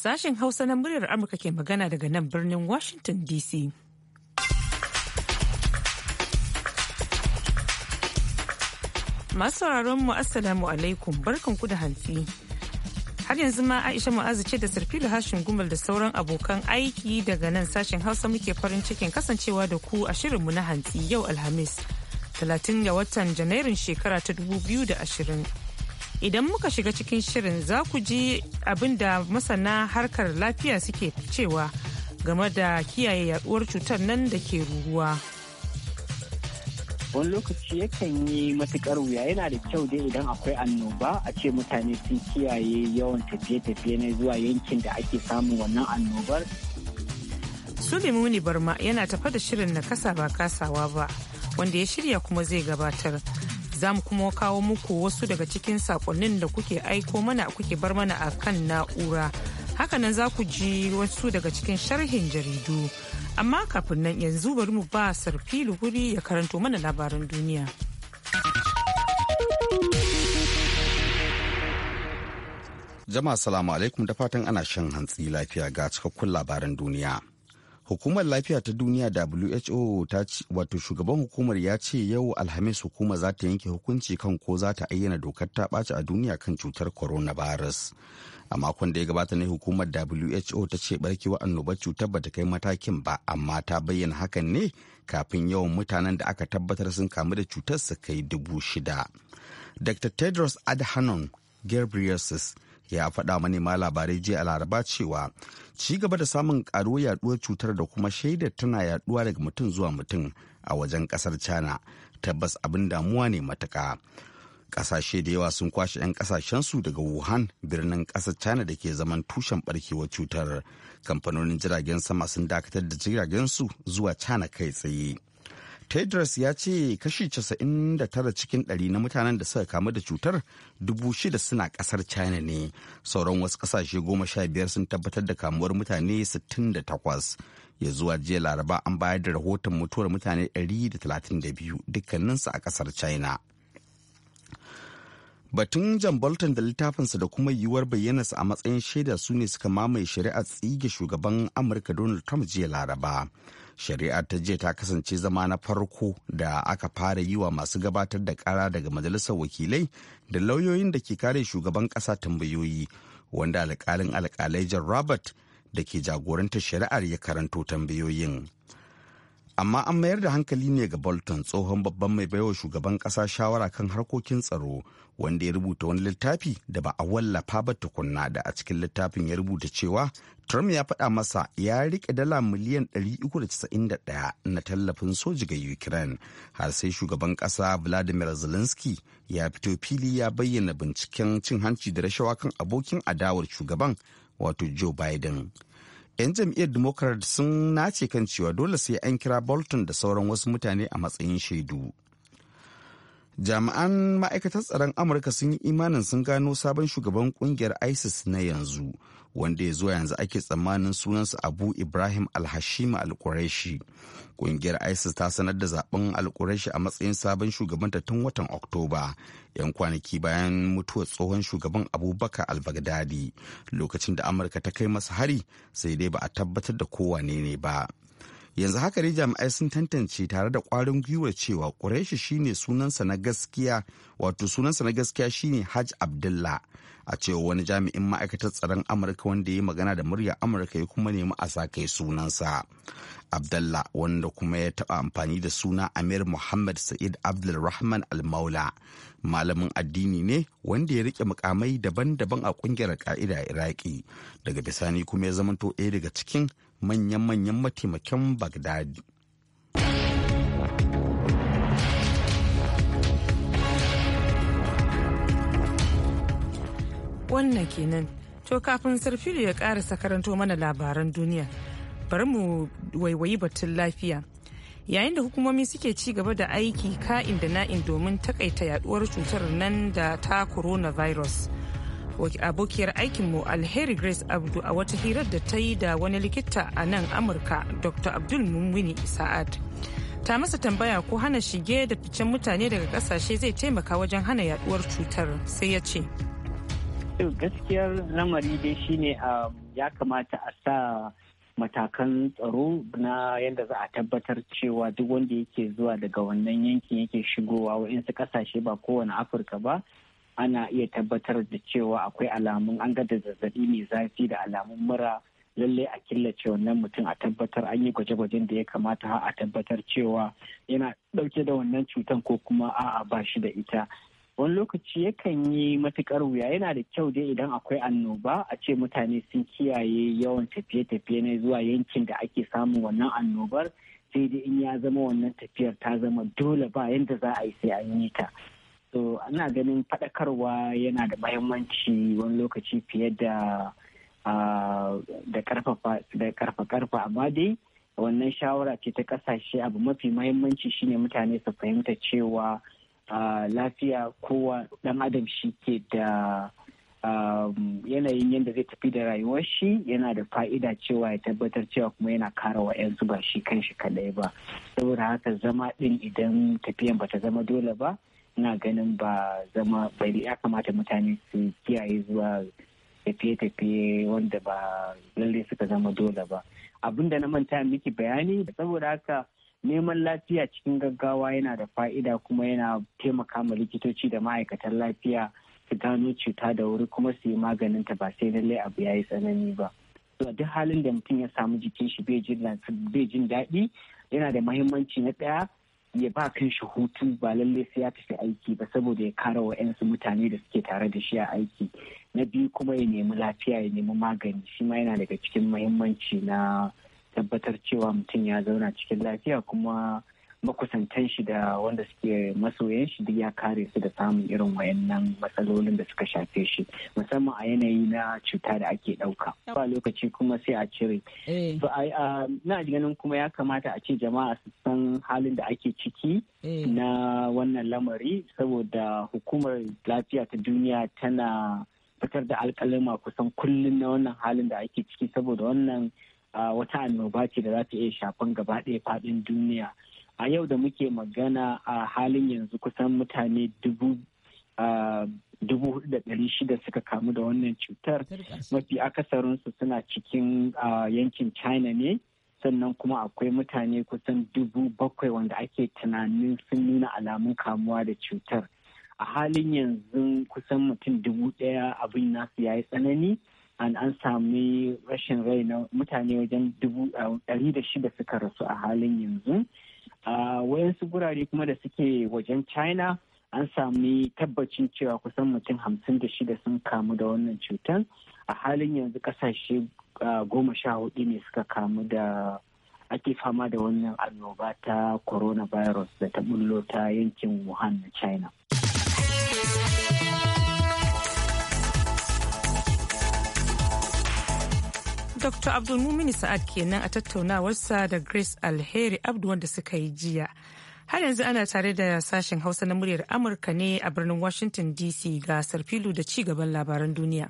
Sashen Hausa na muryar Amurka ke magana daga nan birnin Washington DC. Masu mu Assalamu alaikum barkanku da hantsi. Har yanzu ma Aisha Mu'azu ce da Sirfilu Hashin Gumal da sauran abokan aiki daga nan sashen Hausa muke farin cikin kasancewa da ku a shirinmu na hantsi yau Alhamis, 30 ga watan Janairun shekara ta 2020. idan muka shiga cikin shirin za ku ji abin da masana harkar lafiya suke cewa game da kiyaye yaduwar cutar nan da ke ruruwa. wani lokaci yakan yi matukar wuya yana da kyau dai idan akwai annoba a ce mutane sun kiyaye yawan tafiye-tafiye na zuwa yankin da ake samun wannan annobar Sulemuni Barma yana tafa da shirin na kasa ba kasawa ba wanda ya shirya kuma zai gabatar za mu kuma kawo muku wasu daga cikin sakonnin da kuke aiko mana kuke bar mana a kan na'ura hakanan za ku ji wasu daga cikin sharhin jaridu amma kafin nan yanzu bari mu ba sarfilu wuri ya karanto mana labaran duniya jama'a salamu alaikum da fatan ana shan hantsi lafiya ga cikakkun labaran duniya hukumar lafiya ta duniya who ta wato shugaban hukumar ya ce yau alhamis hukumar za ta yanke hukunci kan ko za ta ayyana dokar ta ɓaci a duniya kan cutar coronavirus a makon da ya gabata ne hukumar who ta ce barkewa annobar cutar bata kai matakin ba amma ta bayyana hakan ne kafin yawan mutanen da aka tabbatar sun kamu da cutar su kai dubu shida dr tedros adhanom ghebreyesus ya faɗa manema labarai jiya a laraba cewa ci gaba da samun ƙaruwar yaduwar cutar da kuma shaidar tana yaduwa daga mutum zuwa mutum a wajen ƙasar china tabbas abin damuwa ne matuka ƙasashe da yawa sun kwashe 'yan ƙasashensu daga wuhan birnin ƙasar china da ke zaman tushen ɓarkewar cutar kamfanonin jiragen sama sun dakatar da jiragen su zuwa china kai tsaye tedros ya ce kashi 99 cikin 100 na mutanen da suka kamu da cutar dubu shida suna kasar china ne sauran wasu kasashe goma sha biyar sun tabbatar da kamuwar mutane 68 ya zuwa jiya laraba an bayar da rahoton mutuwar mutane 132 dukkaninsu a kasar china Batun John Bolton da littafinsa da kuma yiwuwar bayyanarsa a matsayin shaida su ne suka mamaye shari'ar tsige shugaban Amurka Donald Trump jiya Laraba. shari'ar ta jiya ta kasance zama na farko da aka fara yi wa masu gabatar da kara daga majalisar wakilai da lauyoyin da ke kare shugaban kasa tambayoyi wanda alkalin alkalai jan robert da ke jagorantar shari'ar ya karanto tambayoyin amma an mayar da hankali ne ga bolton tsohon babban mai baiwa shugaban kasa shawara kan harkokin tsaro wanda ya rubuta wani littafi da ba a wallafa ba tukunna da a cikin littafin ya rubuta cewa trump ya faɗa masa ya rike dala miliyan 391 na tallafin soji ga ukraine har sai shugaban kasa vladimir zelensky ya fito fili ya bayyana binciken cin hanci da rashawa kan abokin adawar shugaban wato joe biden 'yan jam'iyyar democrat sun nace kan cewa dole sai an kira bolton da sauran wasu mutane a matsayin shaidu jami'an ma'aikatar tsaron amurka sun yi imanin sun gano sabon shugaban kungiyar isis na yanzu wanda ya zuwa yanzu ake tsammanin sunansa abu ibrahim alhashim alkureshi kungiyar isis ta sanar da zaben alkureshi a matsayin sabon shugabanta tun watan oktoba yan kwanaki bayan mutuwar tsohon shugaban abubakar albagdadi lokacin da amurka ta kai masa hari sai dai ba a tabbatar da kowane ne ba yanzu haka dai jami'ai sun tantance tare da kwarin gwiwar cewa ƙureshi shine sunansa na gaskiya wato sunansa na gaskiya shine hajj abdullah a cewa wani jami'in ma'aikatar tsaron amurka wanda ya magana da murya amurka ya kuma nemi a sa kai sunansa abdullah wanda kuma ya taɓa amfani da suna amir muhammad sa'id abdulrahman almaula malamin addini ne wanda ya rike mukamai daban-daban a ƙungiyar ka'ida iraki daga bisani kuma ya zamanto ɗaya daga cikin manyan-manyan mataimakin bagdadi wannan kenan to kafin sarfilu ya karasa sakaranto mana labaran duniya bari mu waiwayi batun lafiya yayin da hukumomi suke ci gaba da aiki ka'in da na'in domin takaita yaduwar cutar nan da ta coronavirus abokiyar aikinmu alheri grace abdu a wata hirar da ta yi da wani likita a nan amurka dr abdul mumwini sa'ad ta masa tambaya ko hana shige da ficen mutane daga kasashe zai taimaka wajen hana yaduwar cutar sai ya ce gaskiyar lamari dai shine um, ya kamata a sa matakan tsaro na yadda za a tabbatar cewa duk wanda yake zuwa daga wannan yankin yake shigowa wa'insu kasashe ba kowane afirka ba ana iya tabbatar da cewa akwai alamun an ga da zazzabi mai zafi da alamun mura lallai a killace wannan mutum a tabbatar an yi gwaje-gwajen da ya kamata a tabbatar cewa yana dauke da wannan cutan ko kuma a'a ba shi da ita wani lokaci yakan yi matukar wuya yana da kyau dai idan akwai annoba a ce mutane sun kiyaye yawan tafiye-tafiye na zuwa yankin da ake samun wannan annobar sai dai in ya zama wannan tafiyar ta zama dole ba yadda za a yi sai an yi ta so ana ganin faɗakarwa yana da mahimmanci wani lokaci fiye da ah, da karfa karfa amma dai wannan shawara ce ta kasashe abu mafi mahimmanci shine mutane su fahimta cewa ah, lafiya kowa dan adam shi ke da ah, yanayin yadda zai tafi da rayuwar shi yana da fa'ida cewa ya tabbatar cewa kuma yana kara wa 'yansu ba shi kan shi kadai ba saboda haka zama din idan tafiyan bata zama dole ba ina ganin ba zama bai ya kamata mutane su kiyaye zuwa tafiye-tafiye wanda ba lalle suka zama dole ba da na manta miki bayani saboda haka neman lafiya cikin gaggawa yana da fa'ida kuma yana taimaka ma likitoci da ma'aikatan lafiya su gano cuta da wuri kuma su yi maganin ta ba sai lalle abu ya yi tsanani ba duk halin da mutum ya samu jikin shi bai jin daɗi yana da mahimmanci na ɗaya ya ba kan shi hutu ba lallai sai ya tafi aiki ba saboda ya kara wa yansu mutane da suke tare da shi a aiki na biyu kuma ya nemi lafiya ya nemi magani shi ma yana daga cikin muhimmanci na tabbatar cewa mutum ya zauna cikin lafiya kuma makusantan shi da wanda suke masoyan shi duk ya kare su da samun irin wayannan matsalolin da suka shafe shi musamman a yanayi na cuta da ake ɗauka ba lokaci kuma sai a cire eh. na ganin kuma ya kamata a ce jama'a su san halin da ake ciki eh. na wannan lamari saboda hukumar lafiya ta duniya tana fitar da alkalima kusan kullum na wannan halin da ake ciki saboda wannan wata annoba ce da za ta iya shafan gaba ɗaya faɗin duniya a yau da muke magana a halin yanzu kusan mutane dubu dubu da ɗari shida suka kamu da wannan cutar mafi akasarinsu suna cikin yankin china ne sannan kuma akwai mutane kusan dubu bakwai wanda ake tunanin sun nuna alamun kamuwa da cutar a halin yanzu kusan mutum dubu ɗaya abin nasu ya yi tsanani an an sami rashin rai na mutane wajen dubu ɗari da shida suka rasu a halin yanzu a wayansu gurare kuma da suke wajen china an sami tabbacin cewa kusan mutum hamsin da shida sun kamu da wannan cutar a halin yanzu kasashe goma sha hudu ne suka kamu da ake fama da wannan annoba ta coronavirus da ta bullo ta yankin wuhan na china Dr. Mumini Sa'ad kenan a tattaunawarsa da Grace Alheri Abdu wanda suka yi jiya. Har yanzu ana tare da sashen Hausa na muryar Amurka ne a birnin Washington DC ga Sarfilu da ci gaban labaran duniya.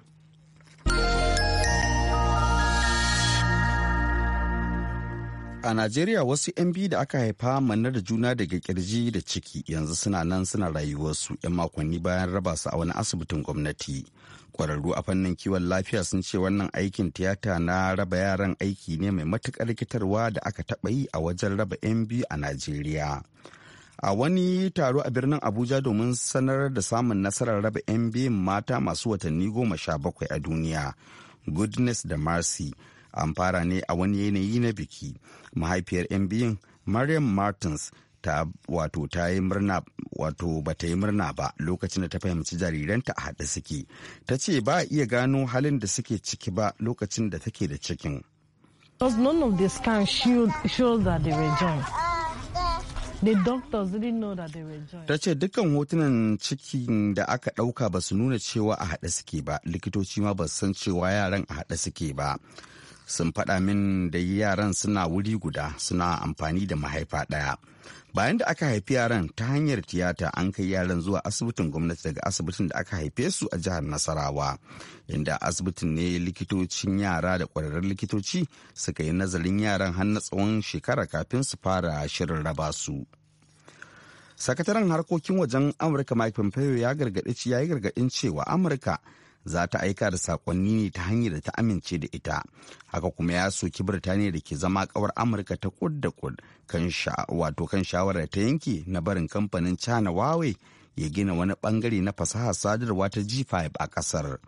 A Najeriya wasu 'yan biyu da aka haifa manna da juna daga kirji da ciki yanzu suna nan suna rayuwarsu 'yan makonni bayan raba su a wani asibitin gwamnati. Kwararru a fannin kiwon lafiya sun ce wannan aikin tiyata na raba yaran aiki ne mai matuƙar rikitarwa da aka taɓa yi a wajen raba 'yan biyu a Najeriya. A wani taro a birnin Abuja domin sanar da samun nasarar raba 'yan biyun mata masu watanni goma sha bakwai a duniya. Goodness da Mercy an fara ne a wani yanayi na biki. mahaifiyar 'yan biyun mariam martins ta wato ta yi murna wato ba ta yi murna ba lokacin da ta fahimci jariranta a haɗe suke ta ce ba a iya gano halin da suke ciki ba lokacin da take da cikin Ta ce dukkan hotunan cikin da aka ɗauka ba su nuna cewa a haɗe suke ba, likitoci ma ba san cewa yaran a haɗe suke ba. sun faɗa min da yaran suna wuri guda suna amfani da mahaifa ɗaya bayan da aka haifi yaran ta hanyar tiyata an kai yaran zuwa asibitin gwamnati daga asibitin da aka haife su a jihar nasarawa inda asibitin ne likitocin yara da kwararrun likitoci suka yi nazarin yaran har na tsawon shekara kafin su fara shirin raba su sakataren harkokin wajen amurka mike pompeo ya gargaɗi ya yi gargaɗin cewa amurka za ta aika da saƙonni ne ta hanyar da ta amince da ita haka kuma ya soki birtaniya da ke zama kawar amurka ta kud da kud kan wato kan shawarar ta yanke na barin kamfanin china wawe ya gina wani bangare na fasahar sadarwa ta g5 a ƙasar.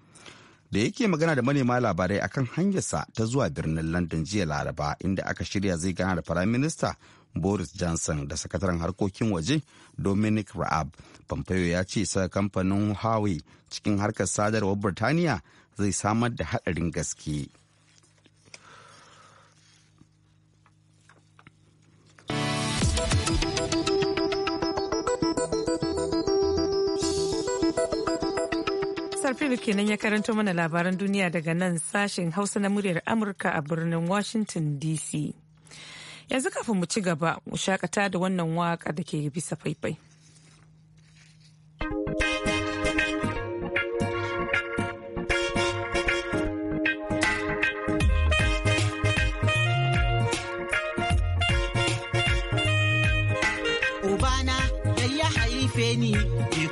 da yake magana da manema labarai akan hanyarsa ta zuwa birnin london jiya laraba inda aka shirya zai gana da prime minister boris johnson da sakataren harkokin waje dominic raab pompeo ya ce sa kamfanin huawei cikin harkar sadarwar birtaniya zai samar da haɗarin gaske Philip kenan ya karanto mana labaran duniya daga nan sashen hausa na muryar amurka a birnin washington dc yanzu kafin mu ci gaba mu shakata da wannan waka da ke bisa faifai.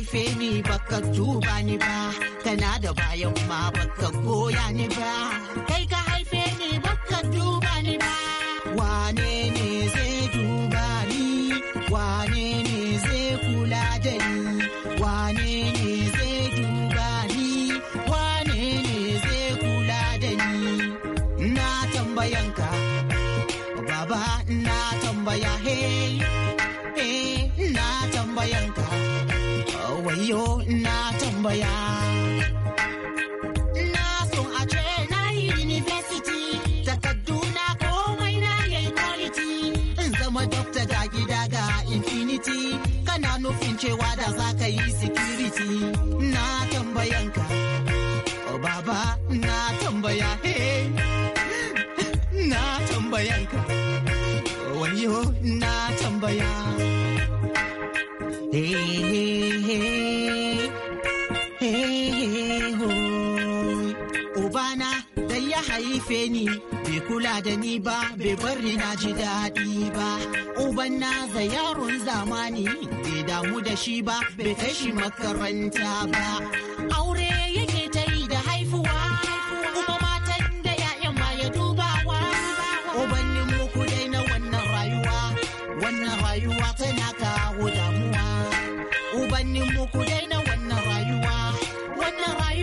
haife ni baka tuba ni ba kana da bayan ma baka goya ni ba tambaya. Na university, takardu na komai na In dokta ga gida ga kana nufin cewa da za ka yi security. Na tambayanka, oh baba na tambaya Na oh, wayo na tambaya. Hey, hey. rufe ni bai kula da ni ba bai bar ni na ji daɗi ba uban na za yaron zamani bai damu da shi ba bai kai shi makaranta ba aure yake ta yi da haifuwa kuma matan da ya'yan ma ya dubawa ubannin mu dai na wannan rayuwa wannan rayuwa tana kawo damuwa ubannin mu dai na wannan rayuwa wannan rayuwa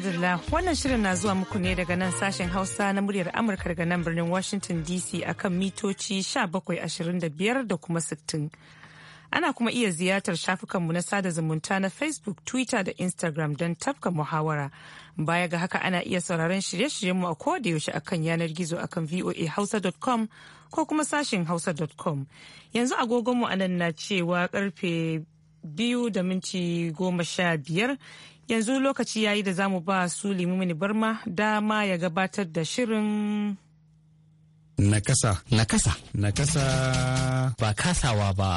madalla wannan shirin na zuwa muku ne daga nan sashen hausa na muryar amurka daga nan birnin washington dc akan mitoci 1725 da kuma 60 ana kuma iya ziyartar shafukanmu na sada zumunta na facebook twitter da instagram don tafka muhawara baya ga haka ana iya sauraron shirye-shiryenmu a kodayaushe akan yanar gizo akan voa voahausa.com ko kuma sashen hausa.com yanzu agogonmu anan na cewa karfe biyu da minti goma sha biyar yanzu lokaci ya yi da za mu ba su limumini barma dama ya gabatar da shirin nakasa nakasa nakasa ba kasawa ba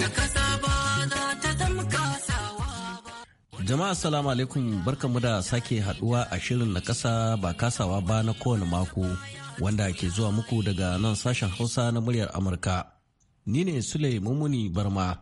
nakasa ba Jama'a salamu alaikum barkamu da sake haduwa a shirin na kasa ba kasawa ba na kowane mako wanda ke zuwa muku daga nan sashen Hausa na muryar Amurka. Ni ne Sule Mumuni Barma.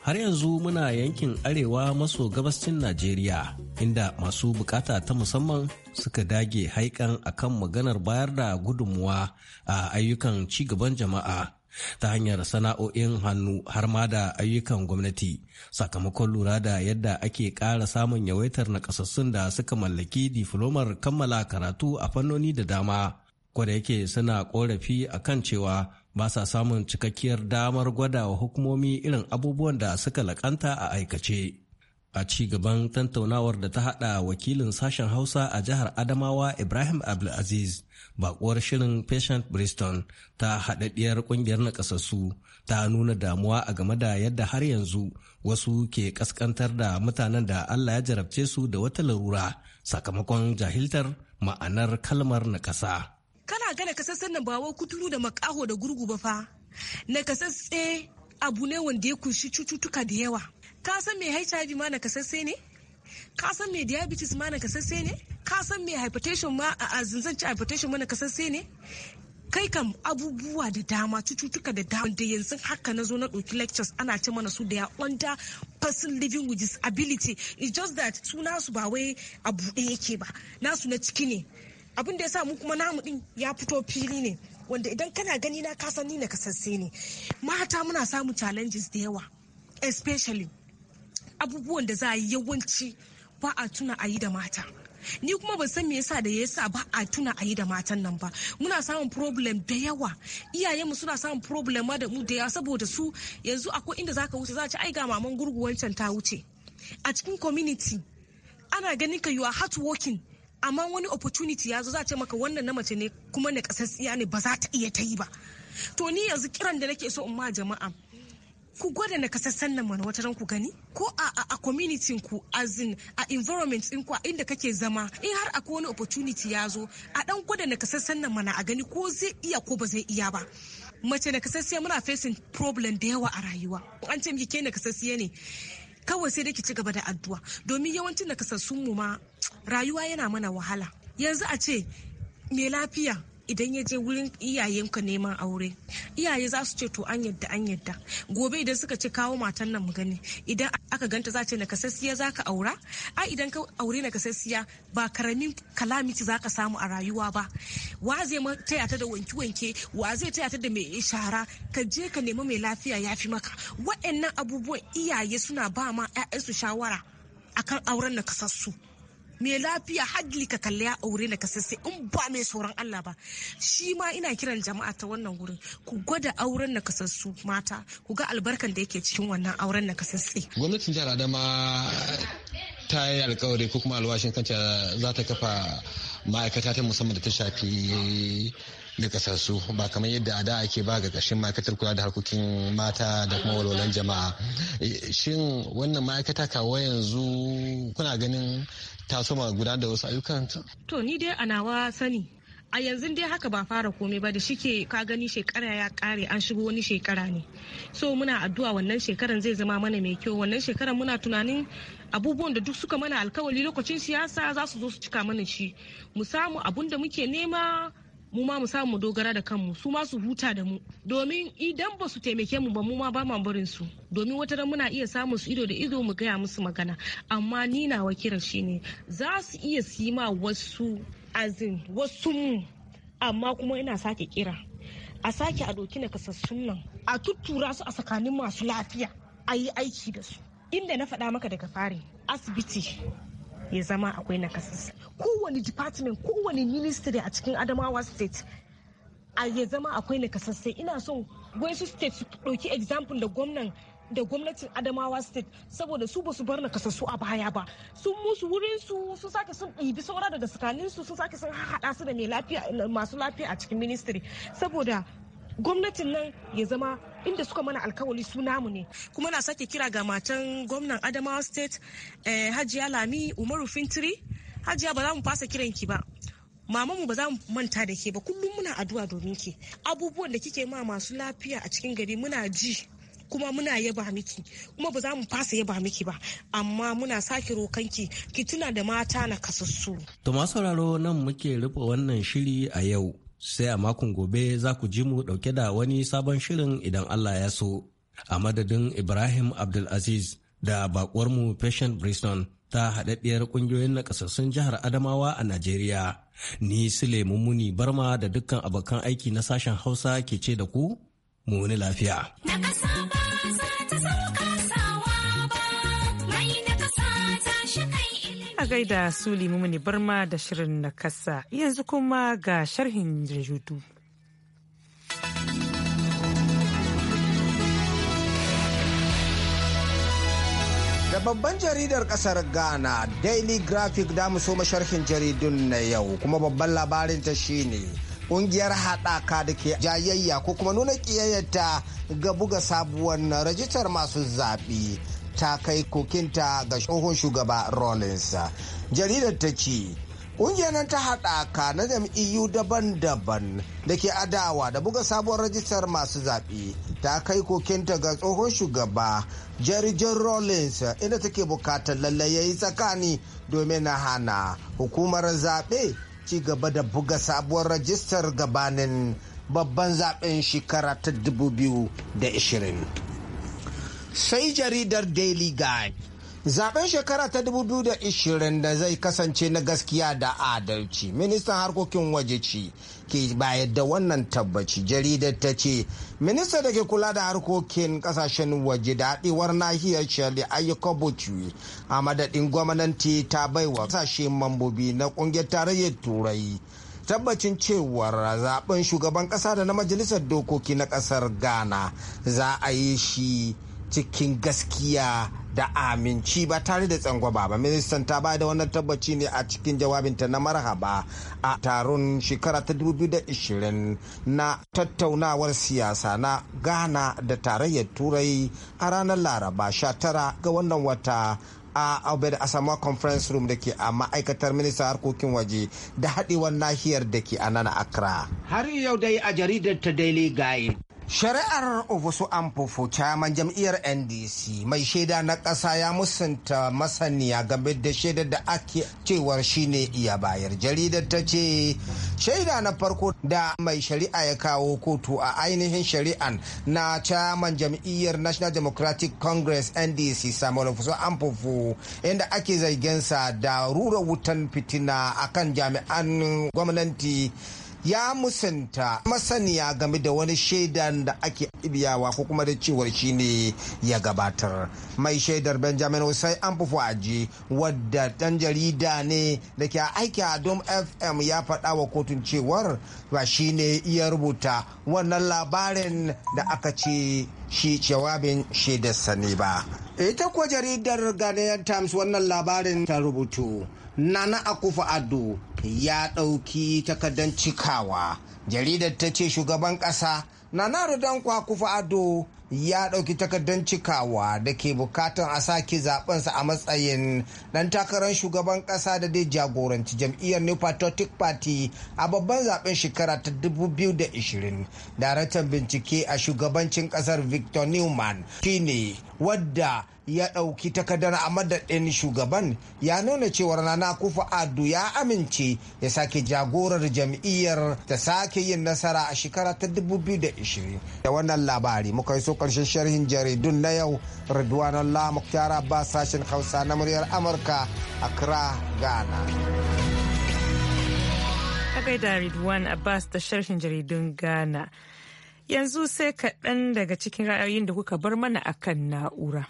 Har yanzu muna yankin arewa maso gabascin Najeriya inda masu bukata ta musamman suka dage haikan akan maganar bayar da gudunmuwa a ayyukan cigaban jama'a. ta hanyar sana'o'in hannu har ma da ayyukan gwamnati sakamakon lura da yadda ake ƙara samun yawaitar nakasassun da suka mallaki diflomar kammala karatu a fannoni da dama kwada yake suna korafi a kan cewa ba sa samun cikakkiyar damar gwada wa hukumomi irin abubuwan da suka lakanta a aikace. a ci gaban tantaunawar da ta hada wakilin sashen hausa a jihar adamawa ibrahim abdulaziz bakuwar shirin patient bristol ta haɗaɗɗiyar ƙungiyar nakasassu ta nuna damuwa a game da yadda har yanzu wasu ke ƙasƙantar da mutanen da allah ya jarabce su da wata larura sakamakon jahiltar ma'anar kalmar nakasa kana gane kasassun nan ba kuturu da makaho da gurgu ba fa kasasse abu ne wanda ya kunshi cututtuka da yawa ka san me hiv ma na kasasse ne ka san me diabetes ma na kasasse ne ka san me hypertension ma a zanzance hypertension ma na kasasse ne kai kam abubuwa da dama cututtuka da dama da yanzu haka na zo na ɗauki lectures ana ce mana su da ya under person living with disability it's just that su nasu ba wai a buɗe yake ba nasu na ciki ne abin da ya sa mu kuma namu din ya fito fili ne wanda idan kana gani na kasan ni na kasasse ne mata muna samun challenges da yawa especially abubuwan da za a yi yawanci ba a tuna a yi da mata ni kuma ban san me yasa da ya yasa ba a tuna a yi da matan nan ba muna samun problem da yawa iyayenmu suna samun problem da mu da yawa saboda su yanzu akwai inda za ka wuce za a ci ai ga maman gurguwar can ta wuce a cikin community ana ganin ka you are hard working amma wani opportunity ya zo za a ce maka wannan na mace ne kuma na kasasiya ne ba za ta iya ta yi ba to ni yanzu kiran da nake so in ma jama'a ku gwada na kasassan nan mana wata ran ku gani ko a a community ku azin a environment din ku inda kake zama in har akwai wani opportunity ya zo a dan gwada na kasassan nan mana a gani ko zai iya ko ba zai iya ba mace na kasassiya muna facing problem da yawa a rayuwa an ce miki ke na kasassiya ne kawai sai dai ki ci gaba da addu'a domin yawancin nakasassun mu ma rayuwa yana mana wahala yanzu a ce me lafiya idan ya je wurin iyayenka neman aure iyaye za su ce to an yadda an yadda gobe idan suka ce kawo matan nan mu gani idan aka ganta za ce na kasassiya za ka aura a idan ka aure na kasassiya ba karamin kalamiti za ka samu a rayuwa ba wa zai taya ta da wanke-wanke wa zai taya ta da mai shara ka je ka nemi mai lafiya ya fi maka waɗannan abubuwan iyaye suna ba ma 'ya'yansu shawara akan auren na kasassu mai lafiya hajli ka kalli ya aure na in ba mai tsoron Allah ba shi ma ina kiran jama'a ta wannan wurin ku gwada auren na kasassu mata ku ga albarkan da yake cikin wannan auren na kasashe gwamnatin jihar Adama ta yi alkawari ko kuma alwashin kanta za ta kafa ma'aikata ta musamman da ta shafi da kasassu ba kamar yadda a da ake ba ga ƙarshen ma'aikatar kula da harkokin mata da kuma walwalan jama'a eh, shin wannan ma'aikata kawo yanzu kuna ganin ta soma guda da wasu ayyukan to ni dai a nawa sani a yanzu dai haka ba fara komai ba da shike ka gani shekara ya kare an shigo wani shekara ne so muna addu'a wannan shekaran zai zama mana mai kyau wannan shekaran muna tunanin abubuwan da duk suka mana alkawali lokacin siyasa za su zo su cika mana shi mu samu abun da muke nema mu ma mu samu dogara da kanmu su ma su huta da mu domin idan ba su taimake mu ba mu ma ba ma barin su domin wata ran muna iya samun su ido da ido mu gaya musu magana amma ni na wakilar shine za su iya su ma wasu azin wasu mu amma kuma ina sake kira a sake a doki na kasassun nan a tuttura su a tsakanin masu lafiya a yi aiki da su inda na faɗa maka daga fari asibiti ya zama akwai nakasassu kowane department kowane ministry a cikin adamawa state a ya zama akwai nakasassai ina so wasu state su ɗauki example da gwamnan da gwamnatin adamawa state saboda su basu bar nakasassu a baya ba sun musu wurin su sun sake sun ɗibi saura da tsakanin su sun sake sun haɗa su da mai lafiya masu lafiya a cikin ministry saboda gwamnatin nan ya zama inda suka mana alkawali su namu ne kuma na sake kira ga matan gwamnan adamawa state eh, hajiya lami umaru fintiri hajiya ba za mu fasa kiran ki ba mu ba za mu manta da ke ba kullum muna addu'a domin ki abubuwan da kike ma masu lafiya a cikin gari muna ji kuma muna yaba miki kuma ba za mu fasa yaba miki ba amma muna sake rokan ki tuna da mata na kasassu. To masu sauraro nan muke rufe wannan shiri a yau sai a makon gobe za ku ji mu dauke da wani sabon shirin idan Allah ya so. A madadin Ibrahim Abdulaziz da mu Patient Briston ta haɗaɗɗiyar ƙungiyoyin nakasassun jihar Adamawa a Najeriya. Ni Sule Mummuni Barma da dukkan abokan aiki na sashen Hausa ke ce da ku, mu wani lafiya. gaida su limumini barma da shirin na kasa yanzu kuma ga sharhin rahoto. da babban jaridar kasar ghana daily graphic da mu so masharhin jaridun na yau kuma babban labarin ta shine kungiyar haɗaka da ke jayayya ko kuma nuna ƙiyayyata ga buga sabuwar rajistar masu zaɓe ta kai kokinta ga tsohon shugaba Rawlings. Jaridar ta ce, Ƙungiyar ta haɗaka na jam'iyyu daban-daban da ke adawa da buga sabuwar rajistar masu zaɓe ta kai kokinta ga tsohon shugaba jarijin John inda take buƙatar lallai ya yi tsakani domin na hana hukumar zaɓe ci gaba da buga sabuwar rajistar gabanin babban zaɓen shekara ta 2020. sai jaridar daily guide zaben shekara ta 2020 da zai kasance na gaskiya da adalci ministan harkokin waje ce ke bayar da wannan tabbaci jaridar ta ce minista da ke kula da harkokin kasashen waje da haɗewar nahiyar shirley ayyuka bucci a madadin gwamnati ta baiwa kasashe mambobi na ƙungiyar tarayyar turai tabbacin cewar zaben shugaban ƙasa da na majalisar dokoki na ƙasar ghana za a yi shi cikin gaskiya da aminci ba tare da tsangwaba ba ministan ta ba da wannan tabbaci ne a cikin jawabinta na marhaba a taron shekara ta 2020 na tattaunawar siyasa na ghana da tarayyar turai a ranar laraba 19 ga wannan wata a abed asama conference room da ke a ma'aikatar ministan harkokin waje da haɗewar nahiyar da ke a nan accra har yau dai a jaridar ta daily guide Shari'ar Ovusu amfufu man jam'iyyar NDC mai shaida na ƙasa ya musanta masaniya game da shaidar da ake cewar shine iya bayar. Jaridar ta ce shaida na farko da mai shari'a ya kawo kotu a ainihin shari'an na caman jam'iyyar National Democratic Congress NDC Samuel Ovusu amfufu inda ake zarginsa da rura wutan fitina akan jami'an gwamnati ya musanta masaniya game da wani shaidan da ake ibiyawa ko kuma da cewar shi ne ya gabatar mai shaidar benjamin hussein an aji wadda dan jarida ne da ke aiki a dom fm ya faɗa wa kotun cewar ba shi ne iya rubuta wannan labarin da aka ce shi jawabin shaidarsa ne ba ita kuwa jaridar ghanaian times wannan labarin ta rubutu nana akufa ado ya ɗauki takardar cikawa jaridar ta ce shugaban ƙasa nana rudan kufa ado ya ɗauki takardar cikawa da ke bukatan a sake zabensa a matsayin ɗan takarar shugaban ƙasa da dai jagoranci jam'iyyar new patriotic party a babban zaɓen shekara ta 2020 daraktan bincike a shugabancin ƙasar victor newman shine wadda ya ɗauki takardar a madadin shugaban ya nuna cewa nana kufa adu ya amince ya sake jagorar jam'iyyar ta sake yin nasara a shekara ta 2020 da wannan labari muka yi so karshen sharhin jaridun na yau raduwan allah muktara ba sashen hausa na muryar amurka accra ghana a gaida da jaridun ghana yanzu sai kaɗan daga cikin ra'ayoyin da kuka bar mana akan na'ura.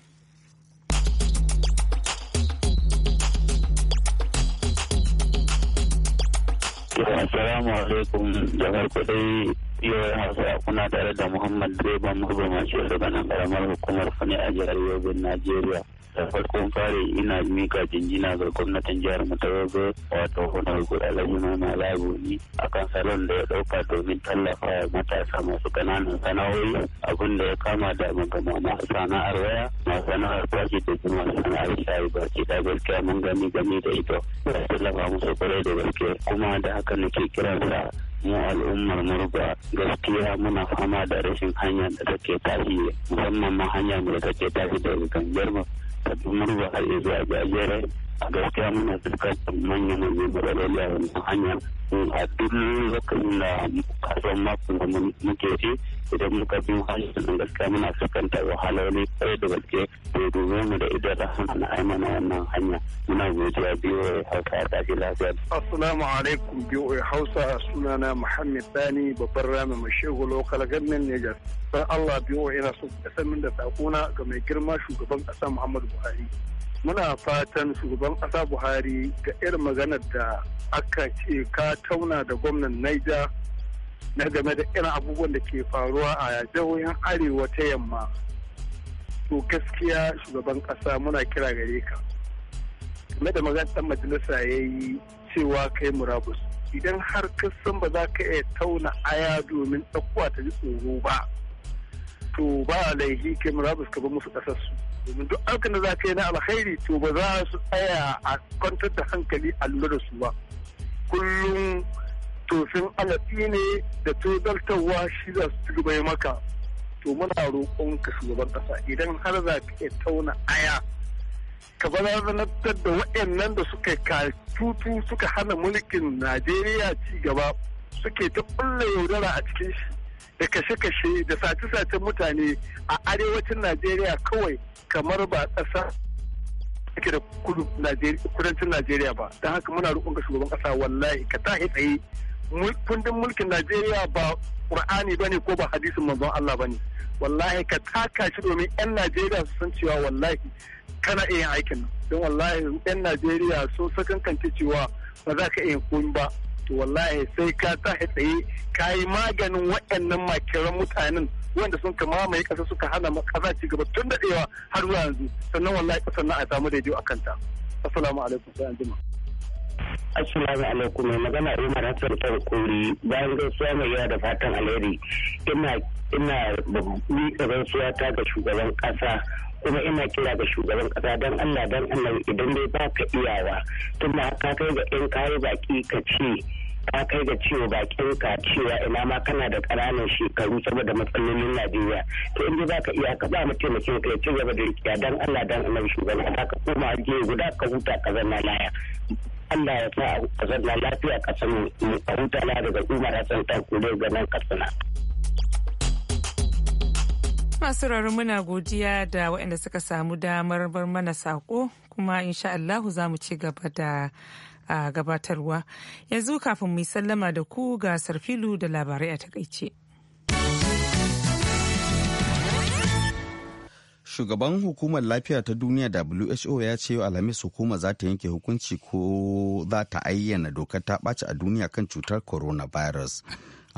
Assalamu alaikum da farko dai yau hausa kuna tare da Muhammad Direban Mahaifa Mashi daga karamar hukumar Fani a jihar Yobe, Najeriya. da farkon fare ina mika jinjina ga gwamnatin jihar mu ta wazo wato honar alhaji mama lagoni akan salon da ya dauka domin tallafa matasa masu kananan sana'o'i abin da ya kama da magana masu sana'ar waya masu sana'ar kwashi da kuma sana'ar shayi baki da gaskiya mun gani game da ita da tallafa musu kwarai da gaske kuma da haka nake kiransa mu al'ummar murba gaskiya muna fama da rashin hanya da take tashi musamman ma hanya mu da take tashi da gangar mu kaduna har zuwa gajere a gaskiya muna fuskantar manya-manyan matsaloli a wannan hanyar a duk lokacin da kasuwan makon da muke ci idan muka bi hanyar da gaskiya muna fuskantar wahaloli kai da gaske to domin mu da idan da hana aimana wannan hanya muna godiya biyo hausa ya tafi lafiya. assalamu alaikum biyo hausa sunana muhammad sani babban rami mai shehu lokal gannin niger san allah biyo ina so kasan min da sakona ga mai girma shugaban kasa muhammadu buhari. muna fatan shugaban ƙasa buhari ga irin maganar da aka ce ka tauna da gwamnan naija na game da irin abubuwan da ke faruwa a jihohin arewa ta yamma to gaskiya shugaban ƙasa muna kira gare ka game da maganar ɗan majalisa ya yi cewa kai murabus idan har kasan ba za ka iya tauna aya domin ɗaukuwa ta ji tsoro ba to ba laifi kai murabus ka ba musu ƙasarsu domin duk aikin da za ka yi na alkhairi to ba za su tsaya a kwantar da hankali a lura su ba kullum tofin alaƙi ne da tozartarwa shi za su turbai maka to muna roƙon ka shugaban ƙasa idan har za ka iya tauna aya ka barazantar da waɗannan da suka tutu suka hana mulkin najeriya ci gaba suke ta ƙulla yaudara a cikin shi da kashe-kashe da sace-sacen mutane a arewacin najeriya kawai kamar ba ƙasa ake da kudancin najeriya ba don haka muna roƙon ga shugaban ƙasa wallahi ka tahi tsaye kundin mulkin najeriya ba ƙur'ani ba ne ko ba hadisin manzon allah ba ne wallahi ka taka shi domin 'yan najeriya su san cewa wallahi kana iya aikin don wallahi 'yan najeriya sun sakankanci cewa ba za ka iya komi ba to wallahi sai ka ta tsaye ka yi maganin waɗannan makiran mutanen wanda sun kama mai ƙasa suka hana ƙasa ci gaba tun daɗewa har zuwa yanzu sannan wallahi ƙasar na a samu daidai a kanta assalamu alaikum sai an jima Assalamu alaikum mai magana Umar Hassan Tarkuri bayan gaisuwa mai yawa da fatan alheri ina ina miƙa gaisuwa ta ga shugaban ƙasa kuma ina kira ga shugaban kasa don Allah don Allah idan dai ba ka iyawa tun da haka kai ga 'yan kayi baki ka ce ta kai ga cewa bakin ka cewa ina ma kana da ƙananan shekaru saboda matsalolin Najeriya to in za ka iya ka ba mu taimakin ka ya ci gaba da rikiya dan Allah dan annabi shugaban ka koma gehe guda ka huta ka zanna laya Allah ya sa ka zanna lafiya ka san mu huta la daga Umar Hassan dai ga nan Katsina. masu raro muna godiya da waɗanda suka samu damar bar mana sako kuma insha Allahu za mu ci gaba da a gabatarwa yanzu kafin mu sallama da ku ga sarfilu da labarai a takaice. shugaban hukumar lafiya ta duniya who ya ce alhamis hukuma za ta yanke hukunci ko za ta ayyana dokar ta ɓaci a duniya kan cutar coronavirus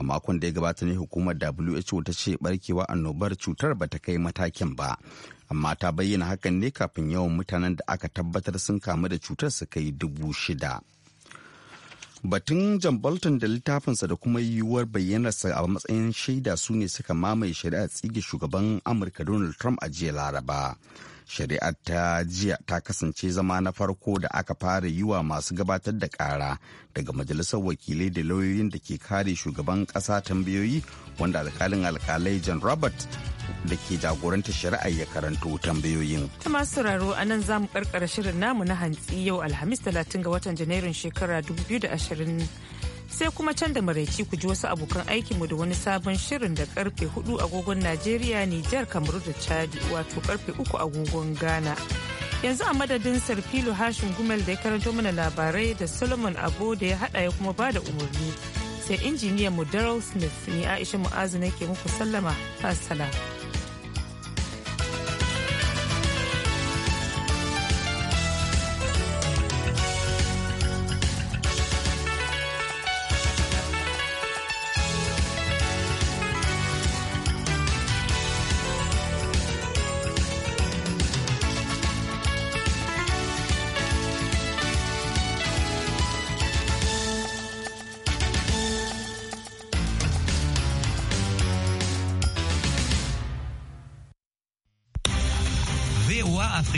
a makon da ya gabata ne hukumar who ta ce barkewa annobar cutar ba ta kai matakin ba amma ta bayyana hakan ne kafin yawan mutanen da aka tabbatar sun kamu da cutar su kai dubu shida batun john bolton da littafinsa da kuma yiwuwar bayyanarsa a matsayin shaida su ne suka mamaye shari'a tsige shugaban amurka donald trump a jiya laraba shari'ar ta jiya ta kasance zama na farko da aka fara yi wa masu gabatar da kara daga majalisar wakilai da lauyoyin da ke kare shugaban kasa tambayoyi wanda alkalin alkalai john robert da ke jagorantar shari'ar ya karanto tambayoyin. masu sauraro a nan za mu karkara shirin namu na hantsi yau alhamis 30 ga watan janairun shekara 2020 sai kuma can da maraici ku ji wasu abokan mu da wani sabon shirin da karfe 4 agogon Najeriya, Nijar, Kamaru da Chadi wato karfe 3 agogon Ghana. Yanzu a madadin Sarfilo Hashin Gumel da ya karanto mana labarai da Solomon Abo da ya hada ya kuma bada umarni. Sai injiniyan mu Daryl Smith ni Aisha Mu'azu nake muku sallama. Assalamu.